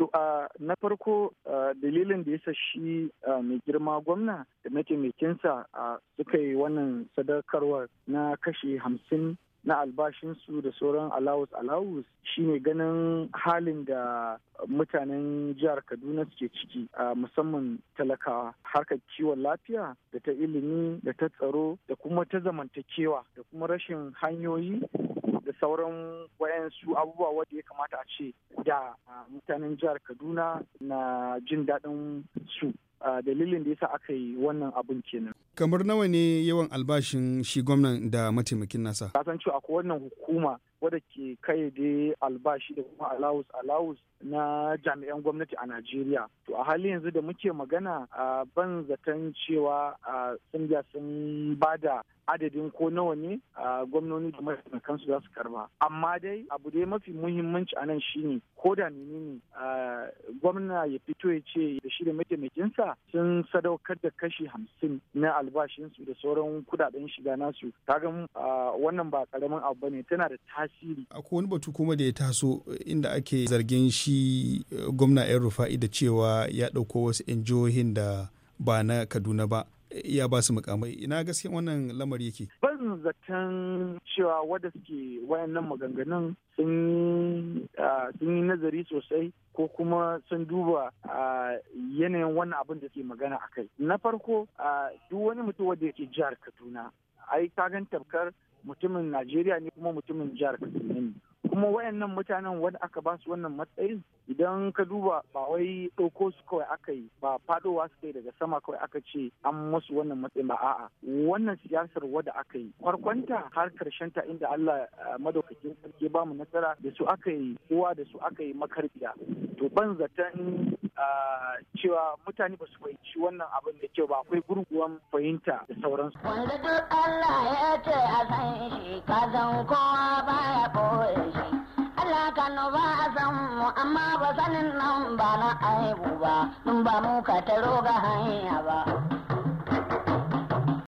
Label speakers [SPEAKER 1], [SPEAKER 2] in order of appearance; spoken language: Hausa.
[SPEAKER 1] To a na farko dalilin da yasa shi mai girma gwamna da mataimakinsa suka yi wannan sadaukarwar na kashe hamsin na albashinsu da sauran alawus alawus shine ganin halin da mutanen jihar kaduna suke ciki a musamman talakawa harkar kiwon lafiya da ta ilimi da ta tsaro da kuma ta zamantakewa da kuma rashin hanyoyi da sauran wayansu abubuwa wadda ya kamata a ce da mutanen jihar kaduna na jin daɗin su dalilin da yasa aka yi wannan abun kenan
[SPEAKER 2] kamar nawa ne yawan albashin shi gwamnan da mataimakin nasa
[SPEAKER 1] kasan cewa wannan hukuma wadda ke da albashi da kuma alawus alawus na jami'an gwamnati a Najeriya. To a halin yanzu da muke magana a ban zaton cewa sun biya sun bada adadin ko nawa ne a gwamnoni da mataimakansu za su karba. Amma dai abu dai mafi muhimmanci a nan shine ko da ne. gwamna ya fito ya ce da shi da mataimakinsa sun sadaukar da kashi hamsin na albashinsu da sauran kudaden shiga nasu. Kaga wannan ba karamin abu ne tana da tashi
[SPEAKER 2] tasiri akwai wani batu kuma da ya taso eh, inda ake zargin shi eh, gwamna yan rufa'i da cewa ya ɗauko wasu yan jihohin da ba na kaduna ba eh, ya ba su mukamai ina gaske wannan lamari yake
[SPEAKER 1] ban zaton cewa wadda suke wayannan maganganun sun yi nazari sosai ko kuma sun duba yanayin wannan abin da ke magana a kai na farko duk wani mutum wadda yake jihar kaduna ai ka gan tabkar mutumin najeriya ne kuma mutumin jihar kaduna ne kuma wayannan mutanen wanda aka ba su wannan matsayin idan ka duba ba wai ɗauko su kawai aka yi ba fadowa su kai daga sama kawai aka ce an musu wannan matsayin ba a'a wannan siyasar wadda aka yi Kwarkwanta har karshen ta inda Allah eh, madaukakin sarki ba mu nasara da su aka yi kowa da su aka yi makarbiya to ban zaton eh, cewa mutane ba su fahimci wannan abin da kyau ba akwai gurguwan fahimta da sauransu.
[SPEAKER 2] Wanda duk Allah ya ce sanin kowa baya boye shi Allah kan ba san mu amma ba sanin nan ba na aibu ba dun ba mu ka taro ga hanya ba